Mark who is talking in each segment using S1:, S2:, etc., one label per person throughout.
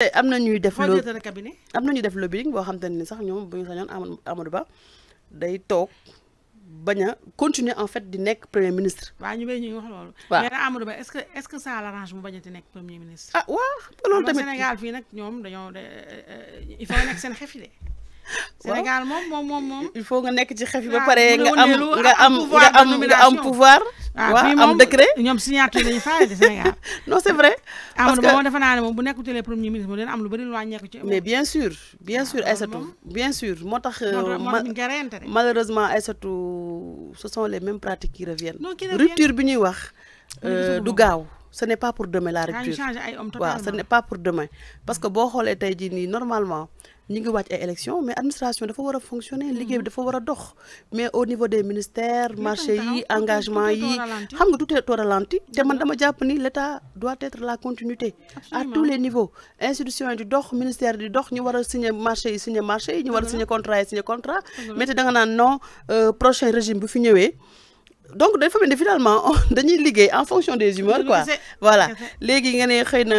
S1: Nous avons fait continuer en fait de premier ministre.
S2: est-ce que ça arrange l'arrangement premier ministre. ah
S1: oui. Euh,
S2: euh, il faut nekk Sénégal
S1: il faut pouvoir. ah am
S2: décret ñoom signature lañu faale di Sénégal. non c'est vrai. parce que Amadou Ba moom defe naa ne moom bu nekku ci les premiers ministres moom dina am lu bëri lu wàññeeku ci. mais bien
S1: sûr bien ah, sûr Aïssatou bien sûr moo tax. Euh, malheureusement Aïssatou ce sont les mêmes pratiques qui reviennent. rupture bi ñuy wax
S2: euh, du gaaw.
S1: ce n'est pas pour demain la rupture voilà ce n'est pas pour demain parce que boo on tey normalement ñu ngi une ay élection mais administration dafa fonctionner liggéey dafa war mais au niveau des ministères marché yi engagement yi tout est au ralenti te man dama jàpp l'État doit être la continuité à tous les niveaux institution du ministère du dox ñu war signer marché signer marché yi ñu signer contrat signer contrat mais te da nga naan euh, prochain régime bu fi donc dafa mel ni finalement dañuy liggéey en fonction des humeurs quoi voilà léegi nga ne xëy na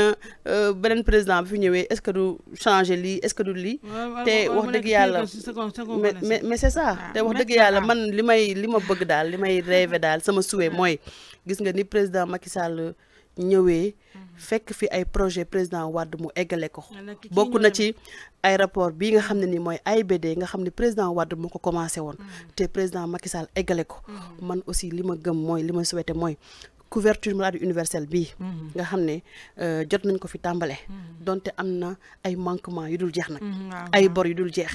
S1: euh, beneen président bi fi ñëwee est-ce que du changer lii est-ce que du lii te wax dëgg yàlla mais mais c'est ça ah, te wax dëgg yàlla man li may li ma bëgg daal li may rêver daal sama souhait ah. mooy gis nga ni président Macky Sall ñëwee mhm. fekk fi ay projet président wadd mu eggale ko bokk na ci ay rapport bi nga xam ne ni mooy ay AIBD nga xam ne président Wade moo ko commencé woon mhm. te président Macky Sall eggale ko mhm. man aussi li ma gëm mooy li ma souhaité mooy couverture maladie universelle bi mhm. nga xamné euh jot nañ ko fi tambalé mhm. donté amna ay manquements yu dul jeex nak mhm, ay bor yu dul jeex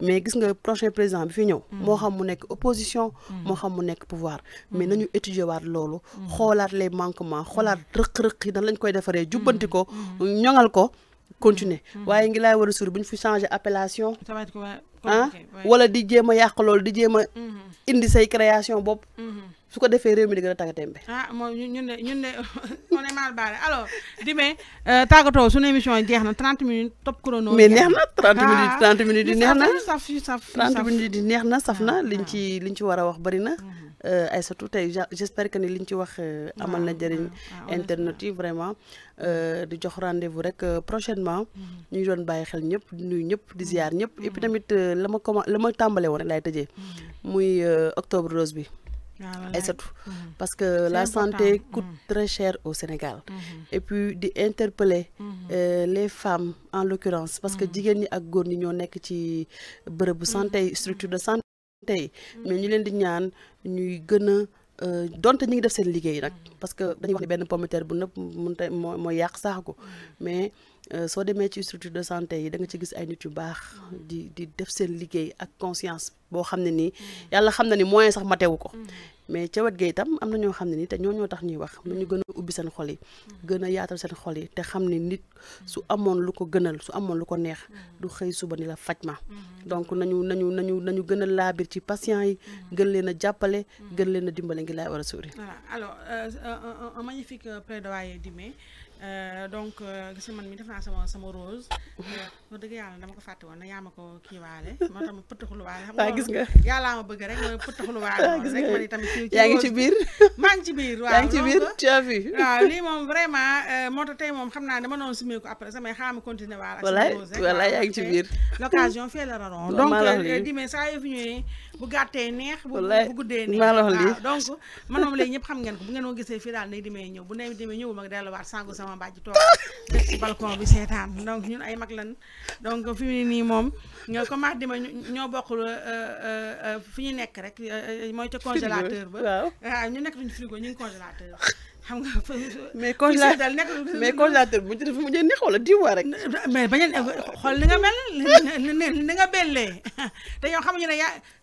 S1: mais gis nga prochain président bi fi ñew mo xam mu nek opposition mo xam mu nek pouvoir mais nañu étudier waat lolu xolaat les manquements xolaat rëq-rëq yi dañ lañ koy défaré jubbanti ko ñongal ko continuer waye ngi laay wara sur buñ bu fi changer appellation ah wala di jéem a yàq loolu di jéem a indi say création bop su ko defee réew mi di gën a tàgga tembe
S2: ah moom ñun de ñun de on est mal barré alors Dime
S1: euh, tàggatoo suñu émission jeex na 30
S2: minutes top chrono. mais neex na 30 ah, minutes 30 minutes yi neex na saf saf 30 minutes
S1: yi neex na saf na ah, liñ ah. ci liñ ci war a wax bari na mhm. euh, Aïssatou tey j'espère que ni liñ ci wax euh, amal na jariñ internet yi vraiment mhm. di jox rendez-vous rek prochainement mhm. ñu ngi doon bàyyi xel ñëpp di nuyu ñëpp di ziar ñëpp et puis tamit la ma comment la ma tàmbale woon rek laay tëjee muy octobre rose bi Ah, Surtout, mhm. parce que la important. santé coûte mmh. très cher au Sénégal. Mmh. Et puis, d'interpeller mmh. euh, les femmes, en l'occurrence, parce que les femmes et les hommes sont santé, structure de santé. Mhm. Mais nous les disons, nous gagnons euh, donte ñu ngi def sen liguey mhm. parce que dañuy wax ne ben pomme terre bu nëpp mo moo moo mais Euh, soo demee ci structure de santé yi da nga ci gis ay nit yu baax mm-hmm. di di def seen liggéey ak conscience boo xam ne nii mm-hmm. yàlla xam na ni moyen sax matewu ko mm-hmm. mais ca wet ga itam am na ñoo xam ne nii te ñoo tax ñuy wax nu ñu gën a ubbi seen xol yi gën yaatal seen xol yi te xam ne nit su amoon lu ko gënal su amoon lu ko neex du xëy suba ni la faj ma donc nañu nañu nañu nañu gën a laabir ci patient yi gën leen a jàppale gën leen a dimbale ngi laay war a suuri
S2: voilà alors euh, Euh, donc euh, gis nga man mi def naa sama sama rose. Euh, wax dëgg yàlla dama ko fàtte woon na yaa ma ko kiiwaale moo tax ma pëttaxul waale. xam nga gis nga yàllaa ma bëgg rek ma pëttaxul waale. gis nga man itam yaa ngi ci biir. maa ngi ci biir waaw yaa ngi ci biir tu as vu. waaw lii moom vraiment moo tax tey moom xam naa dama doon sumé ko après samay xaaral ma continuer waale. ak sama rose rek voilà yaa ngi ci biir. l'occasion fee la raroon. donc dimee saa yoo fi ñëwee bu gàttee neex. bu guddee neex bu ngeen ko ñëw bu nay sama bàjj toog def ci balcon bi seetaan donc ñun ay mag lan donc fi mu ne nii moom ñoo commencé di ma ñoo bokk euh, euh, euh, fi ñu nekk rek mooy ca congélateur ba waaw ah, ñu nekk duñu frigo ñu congélateur xam nga mais congélateur mais congélateur a xool nga mel ni nga ne yaa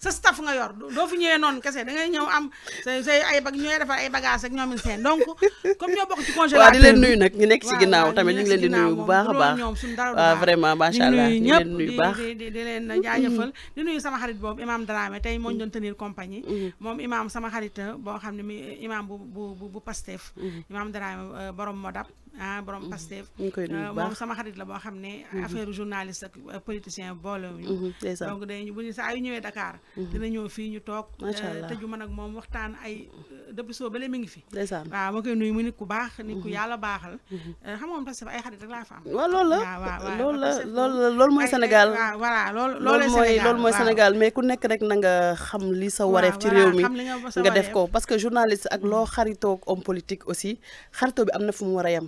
S2: sa nga yor doo fi ñëwee noonu kese da ngay ñëw am say say ay bag ñooy defar ay bagages ak ñoom seen donc ñu nekk si ginnaaw tamit ñu leen di nuyu bu baax a baax waaw vraiment macha allah ñu ngi leen nuyu baax di mm-hmm. sama xarit boobu imam Dramé tey moo ñu doon compagnie mm-hmm. moom imam sama xarit boo xam ne mi imam bu bu def. imaam mhm. Dramé eh, borom moo ah borom Pastef ñu koy nuyu ah, moom sama xarit la boo xam ne mhm. affaire journaliste ak euh, politicien boolewuñu mhm, donc dañu bu ñu saa ñëwee Dakar mhm. dina ñëw fii ñu toog euh, tëju man ak moom waxtaan ay euh, depuis soo mi ngi fi waaw ma koy nuyu mu nit ku baax nit ku yàlla baaxal xam nga ay xarit rek laa fa am waaw loolu la
S1: loolu la loolu la mooy Sénégal mais ku nekk rek na nga xam li sa wareef ci réew mi nga def ko parce que journaliste ak loo xaritoog homme politique aussi xarito bi am na fu mu war a yem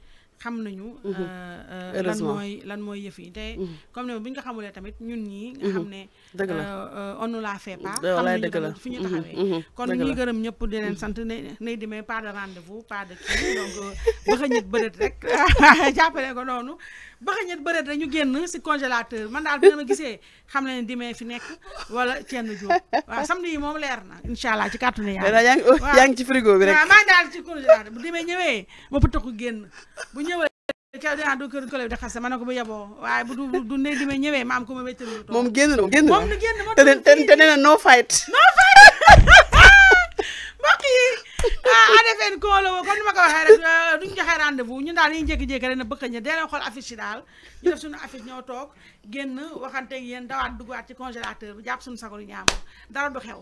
S2: xam nañu mhm. euh, euh, lan mooy lan mooy yëf yi te mhm. comme ne bu ñu ko xamulee tamit ñun ñi nga mhm. xam ne
S1: euh,
S2: on ne la fait pas xam nañu fi ñu taxawee kon ñuy gërëm ñëpp di leen sant ne nay demee pas de rendez-vous pas de kii donc bëxañet bërët rek jàppale ko noonu bëxañet bërët rek ñu génn si congélateur man daal bi nga ma gisee xam ne dimee fi nekk wala kenn jóg waaw samedi yi moom leer na incha allah ci kàttanu yàlla yaa ngi ci frigo bi rek maa daal ci congélateur ñëwee ca dinaa doo kër collègue bi di xase ma ne ko bu yaboo waaye bu du du ndey di ma ñëwee ma am ko ma wéttalu moom génn na génn na moom génn ma te
S1: te nee na no fight
S2: no fight yi ah ADFN woo comme ma ko waxee rek euh, duñ joxe rendez-vous ñun daal yi jékki na bëkk ña dee leen xool affiche yi daal ñu def suñu affiche ñoo toog génn waxante ak yéen dawaat duggaat ci congélateur bi jàpp suñu sago lu ñaam dara du xew